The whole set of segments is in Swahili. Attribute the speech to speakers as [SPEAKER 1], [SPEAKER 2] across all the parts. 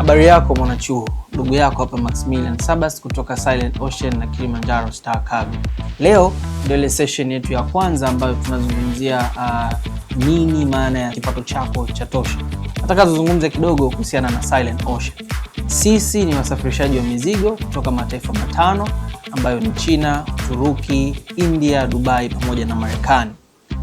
[SPEAKER 1] Habari yako mwanachuo, ndugu yako hapa Maximilian Sabas kutoka Silent Ocean na Kilimanjaro Star Cargo. Leo ndio ile session yetu ya kwanza ambayo tunazungumzia uh, nini maana ya kipato chako cha tosha. Nataka tuzungumze kidogo kuhusiana na Silent Ocean. Sisi ni wasafirishaji wa mizigo kutoka mataifa matano ambayo ni China, Uturuki, India, Dubai pamoja na Marekani.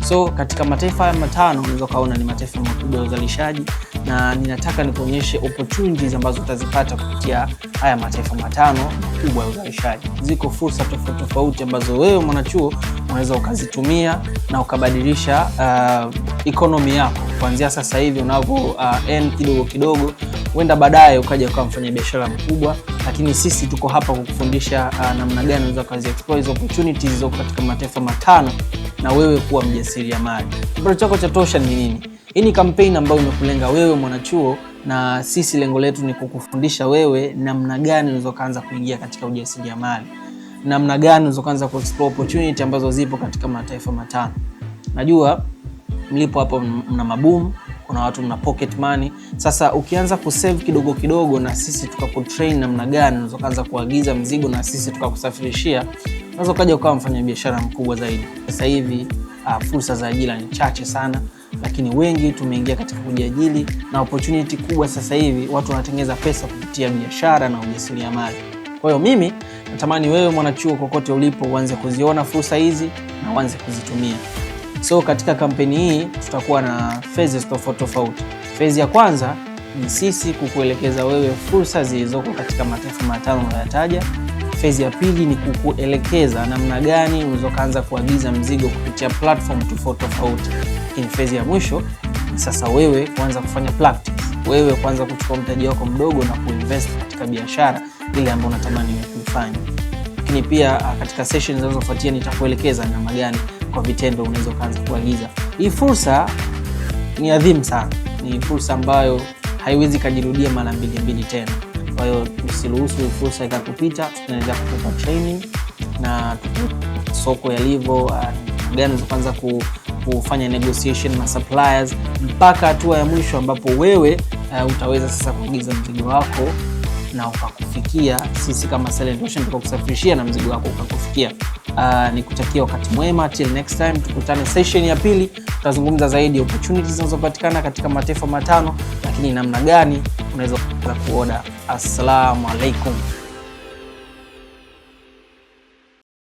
[SPEAKER 1] So katika mataifa haya matano unaweza kaona ni mataifa makubwa ya uzalishaji, na ninataka nikuonyeshe opportunities ambazo utazipata kupitia haya mataifa matano makubwa ya uzalishaji. Ziko fursa tofauti tofauti ambazo wewe mwanachuo unaweza ukazitumia na ukabadilisha uh, economy yako kuanzia sasa hivi unavyo uh, earn kidogo kidogo huenda baadaye ukaja ukawa mfanya biashara mkubwa, lakini sisi tuko hapa kukufundisha uh, namna gani unaweza kazi explore hizo opportunities zilizoko katika mataifa matano na wewe kuwa mjasiriamali. Kipato chako cha tosha ni nini? Hii ni campaign ambayo imekulenga wewe mwanachuo, na sisi lengo letu ni kukufundisha wewe namna gani unaweza kuanza kuingia katika ujasiriamali, namna gani unaweza kuanza explore opportunity ambazo zipo katika mataifa matano. Najua mlipo hapo mna maboom kuna watu mna pocket money. Sasa ukianza kusave kidogo kidogo, na sisi tukakutrain namna gani unaweza kuanza kuagiza mzigo na sisi tukakusafirishia, unaweza ukaja ukawa mfanyabiashara mkubwa zaidi. Sasa hivi uh, fursa za ajira ni chache sana, lakini wengi tumeingia katika kujiajiri, na opportunity kubwa sasa hivi watu wanatengeneza pesa kupitia biashara na ujasiriamali. Kwa hiyo mimi natamani wewe mwanachuo, kokote ulipo, uanze kuziona fursa hizi na uanze kuzitumia. So katika kampeni hii tutakuwa na phases tofauti tofauti. Phase ya kwanza ni sisi kukuelekeza wewe fursa zilizoko katika mataifa matano unayotaja. Phase ya pili ni kukuelekeza namna gani kuanza kuagiza mzigo kupitia platform tofauti tofauti, lakini phase ya mwisho ni sasa wewe kuanza kufanya practice, wewe kuanza kuchukua mtaji wako mdogo na kuinvest katika biashara ile ambayo unatamani kuifanya. Lakini pia ah, katika session zinazofuatia nitakuelekeza namna gani kwa vitendo unaweza ukaanza kuagiza. Hii fursa ni adhimu sana, ni fursa ambayo haiwezi kajirudia mara mbili mbili tena. Kwa hiyo usiruhusu hii fursa ikakupita, tunaweza kukupa training na soko yalivyo ah, gani za kwanza ku, kufanya negotiation na suppliers mpaka hatua ya mwisho ambapo wewe uh, utaweza sasa kuagiza mzigo wako na ukakufikia. Sisi kama Silent Ocean tukakusafirishia na mzigo wako ukakufikia uh, ni kutakia wakati mwema till next time, tukutane session ya pili, tutazungumza zaidi opportunities zinazopatikana katika mataifa matano, lakini namna gani unaweza kuoda. Assalamu alaikum.